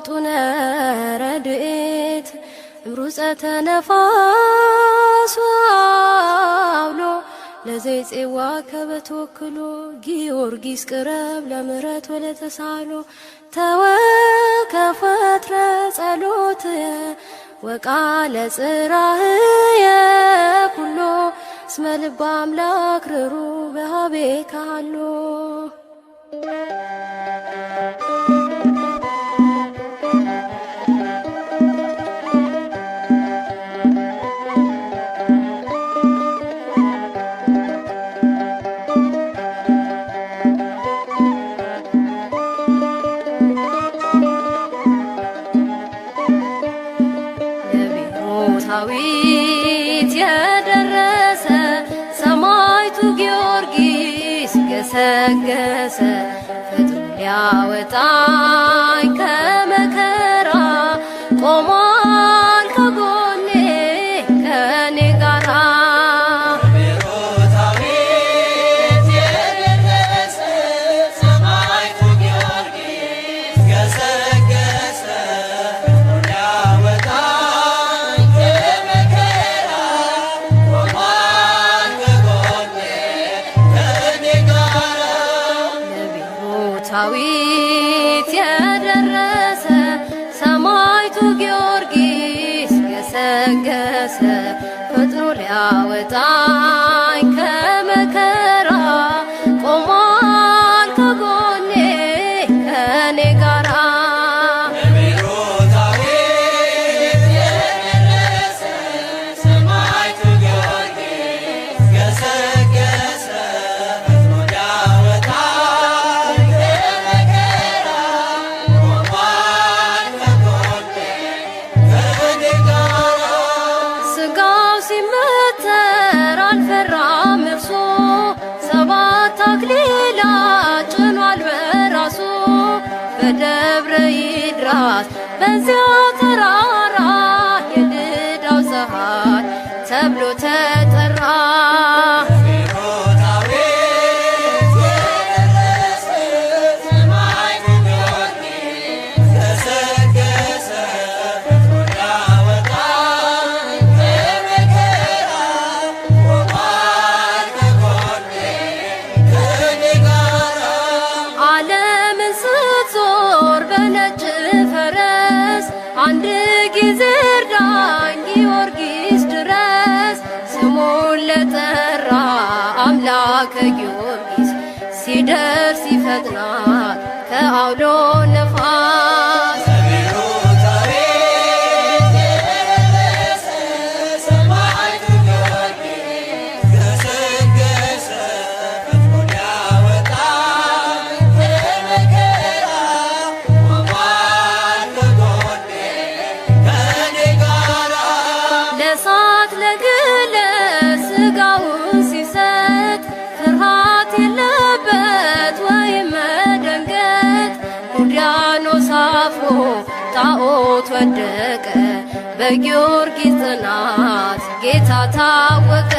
ውጡነ ረድኤት እምሩፀተ ነፋስ አውሎ ለዘይፄዋ ከበተወክሎ ጊዮርጊስ ቅረብ ለምሕረት ወለተሳሎ ተወከፈትረ ጸሎትየ ወቃለ ጽራህየ ኩሎ እስመ ልበ አምላክ ርሩ በሃቤ ካሎ ለገሰ ፍጡር ሊያወጣኝ ወደቀ በጊዮርጊስ ጽናት ጌታ ታወቀ።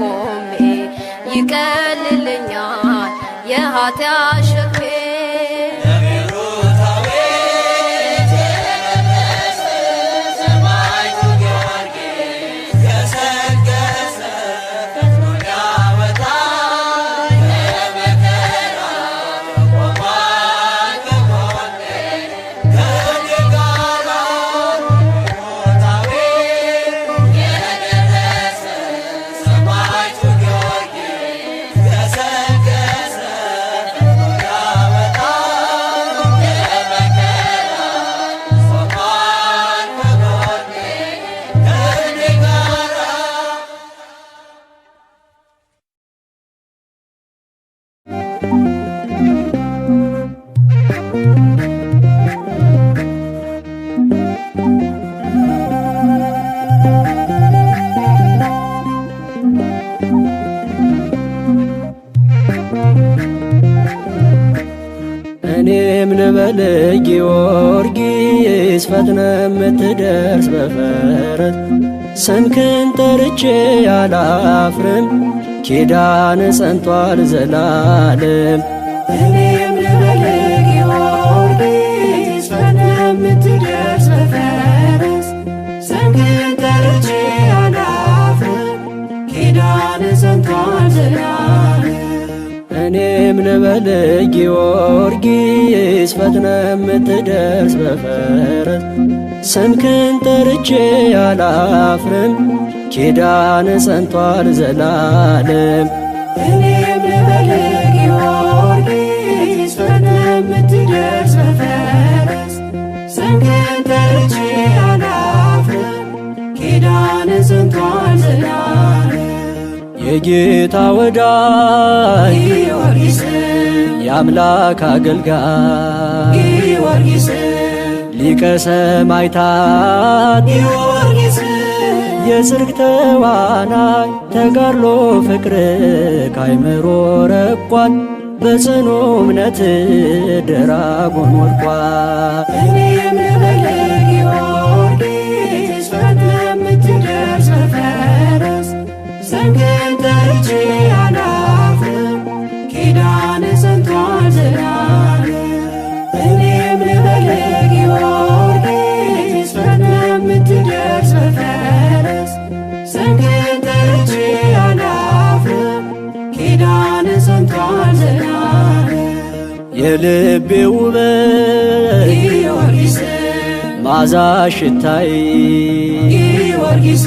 ቆሜ ይቀልልኛል የኃጢአት ጊዮርጊስ ፈጥነ የምትደርስ በፈረት ስምህን ጠርቼ አላፍርም ኪዳን ጸንቷል ዘላለም እንበል ጊዮርጊስ ፈጥነ የምትደርስ በፈረስ ስምክን ጠርቼ አላፍርም ኪዳን ጸንቷል ዘላለም እኔም ጊዮርጊስ ፈጥነ የምትደርስ በፈረስ ስምክን ጠርቼ አላፍርም ኪዳን ጸንቷል ዘላለም የጌታ ወዳጅ ጊዮርጊስ የአምላክ አገልጋይ ጊዮርጊስ ሊቀ ሰማዕታት ጊዮርጊስ የጽድቅ ተዋናይ ተጋድሎ ፍቅር ካይምሮ ረቋል በጽኑ እምነት ደራጎን ወድቋል። እኔ የምበለ ጊዮርጊስ ዘንግን ጠርቼ አላፍርም ኪዳን ጸንቷል ዘላለም እኔም ልበልህ ጊዮርጊስ ፈጥነህ የምትደርስ በፈረስ ዘንግን ጠርቼ አላፍርም ኪዳን ጸንቷል ዘላለም የልቤ ውበት ጊዮርጊስ ማዛ ሽታይ ጊዮርጊስ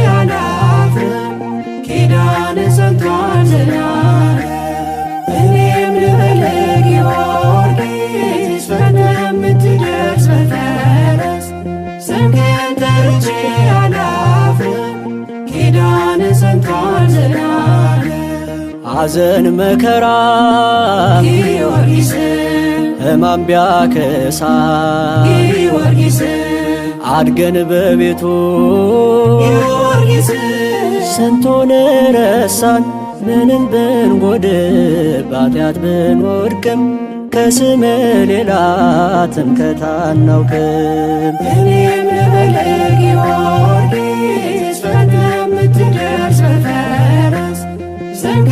ሐዘን መከራ ጊዮርጊስ ሕማም ቢያከሳ አድገን በቤቱ ጊዮርጊስ ሰንቶን ረሳን ምንም ብንጎድል ባጢአት ብንወድቅም ከስም ሌላ ትምክህት አናውቅም። እኔም ልበልህ ጊዮርጊስ ፈጥነህ የምትደርስ በፈረስ ዘንግ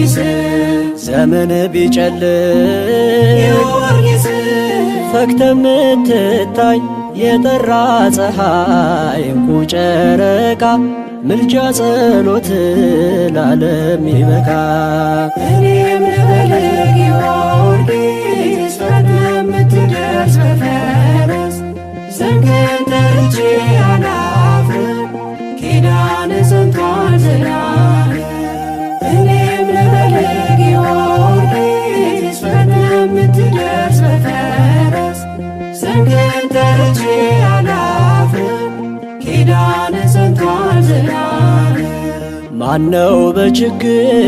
ጊዮርጊስ ዘመን ቢጨልም ጊዮርጊስ ፈክተ ምትታይ የጠራ ፀሐይ እንቁ ጨረቃ ምልጃ ጸሎት ላለም ይበቃ እኔም ልበል ጊዮርጊስ በፈረስ ተርቼ አላፍርም ኪዳን ሰንቷል ዝና ፈረስ በፈረስ ስምህን ጠርቼ አላፍርም፣ ጸንቷል ዘላለም። ማነው በችግር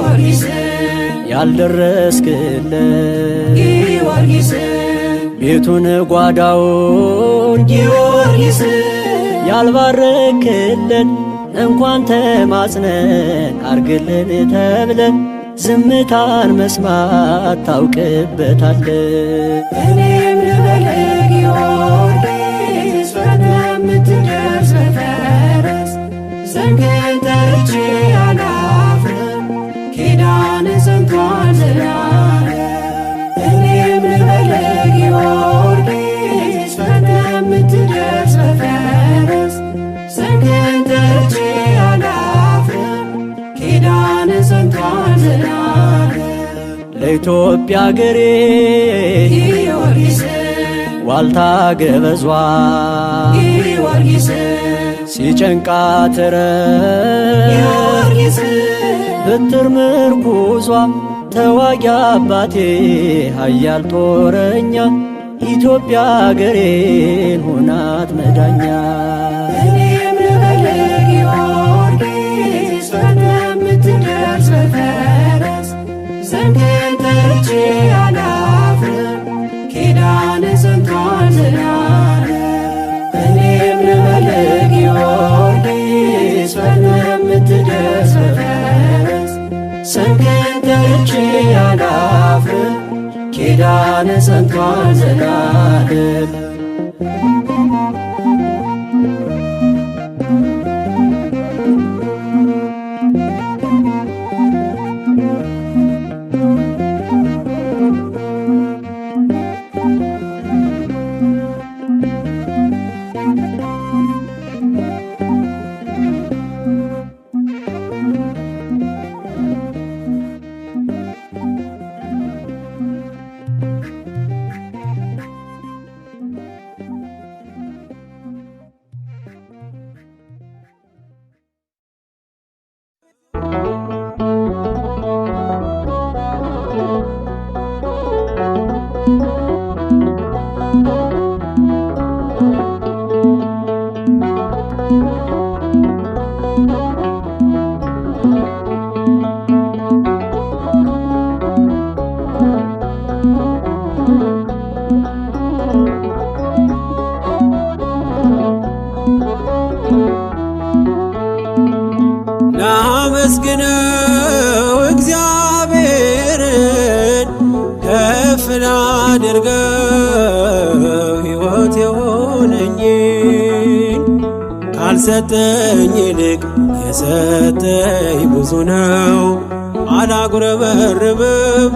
ጊዮርጊስ ጊዮርጊስ ቤቱን ጓዳውን ጊዮርጊስ ያልባረክልን እንኳን ተማጽነን አርግልን ተብለን ዝምታን መስማት ታውቅበታለ። እኔም ልበልህ ጊዮርጊስ ፈጥነህ የምትደርስ በፈረስ ዘንግን ጠርቼ ኢትዮጵያ ገሬ ዋልታ ገበዟ ሲጨንቃትረ ሲጨንቃ በትር ምርኩዟ ተዋጊ አባቴ ኃያል ጦረኛ ኢትዮጵያ አገሬን ሆናት መዳኛ አላፍርም ኪዳን ጸንቷል ዘላለም እኔም ኪዳን ጸንቷል ዘላለም የሰጠኝ ብዙ ነው። አላጉረበርብም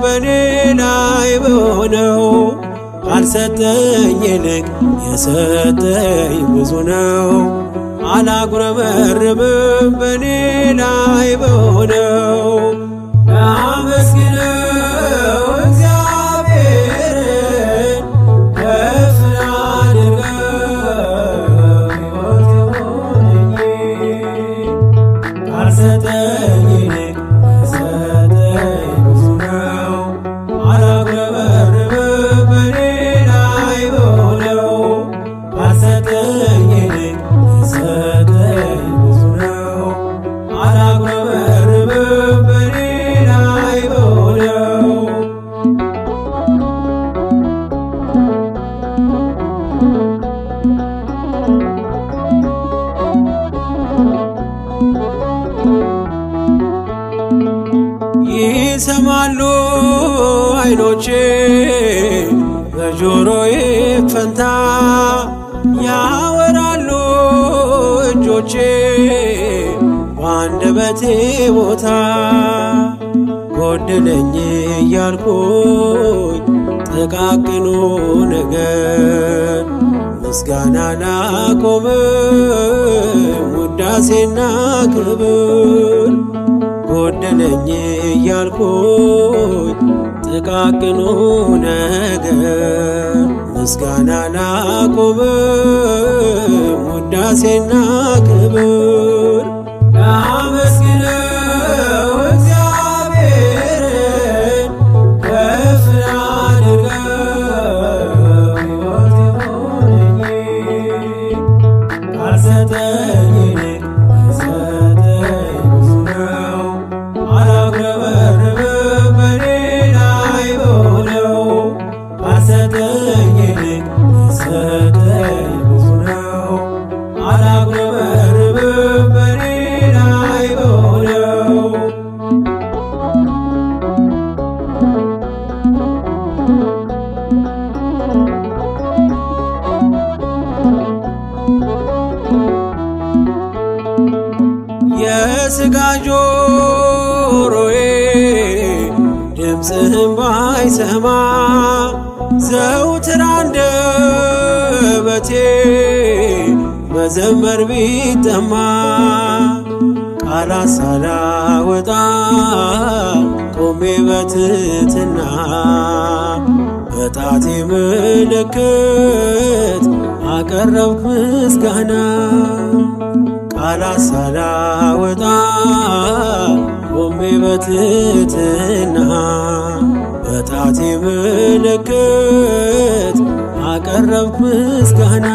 በኔ ላይ በሆነው ካልሰጠኝ ይልቅ የሰጠኝ ብዙ ነው። አላጉረበርብም በኔ ላይ በሆነው ጎደለኝ እያልኩኝ ጥቃቅኑ ነገር ምስጋና ላቆምም ውዳሴና ክብር ጎደለኝ እያልኩኝ ጥቃቅኑ ነገር ምስጋና ላቆምም ውዳሴና ክብር ድምፅህም ባይሰማ ዘውትር አንደበቴ መዘመር ቢጠማ ቃላት ሳላወጣ ቆሜ በትትና በጣቴ ምልክት አቀረብክ ምስጋና ቃላት ሳላወጣ ቆሜ በትህትና በጣቴ ምልክት አቀረብኩ ምስጋና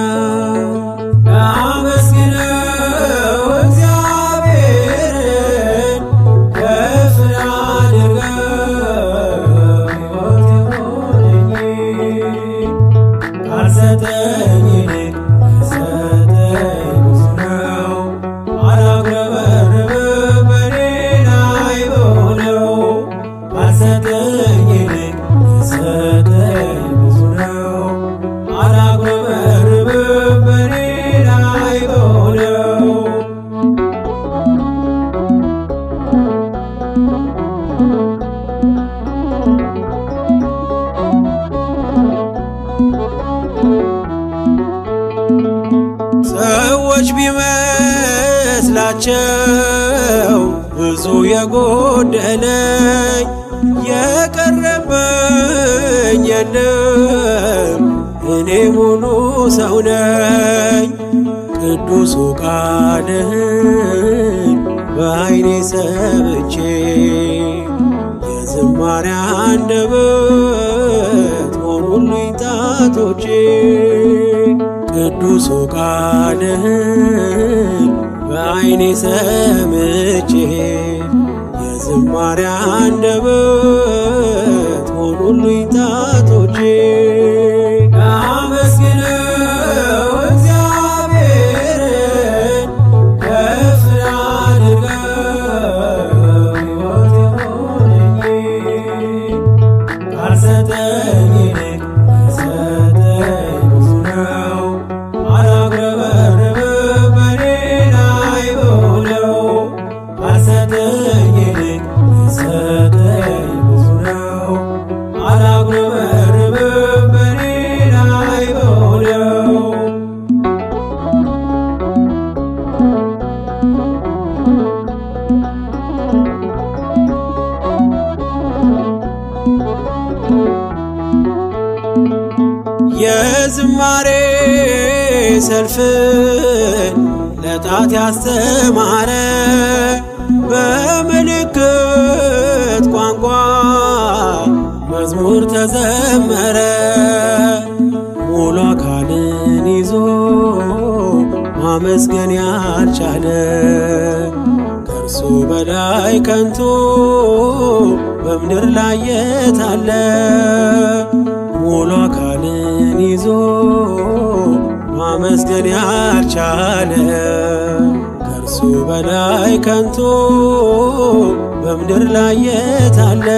ናቸው ብዙ የጎደለኝ የቀረበኝ የለም እኔ ሙሉ ሰው ነኝ። ቅዱሱ ቃልህን በዓይኔ ሰምቼ የዝማሬ አንደበት ሆኑልኝ ጣቶቼ ቅዱሱ ቃልህን በዓይኔ ሰምቼ የዝማሪያ አንደበት ሆኑልኝ ጣቶቼ ማመስገን ያልቻለ ከእርሱ በላይ ከንቱ በምድር ላይ የታለ? ሙሉ አካልን ይዞ ማመስገን ያልቻለ ከእርሱ በላይ ከንቱ በምድር ላይ የታለ?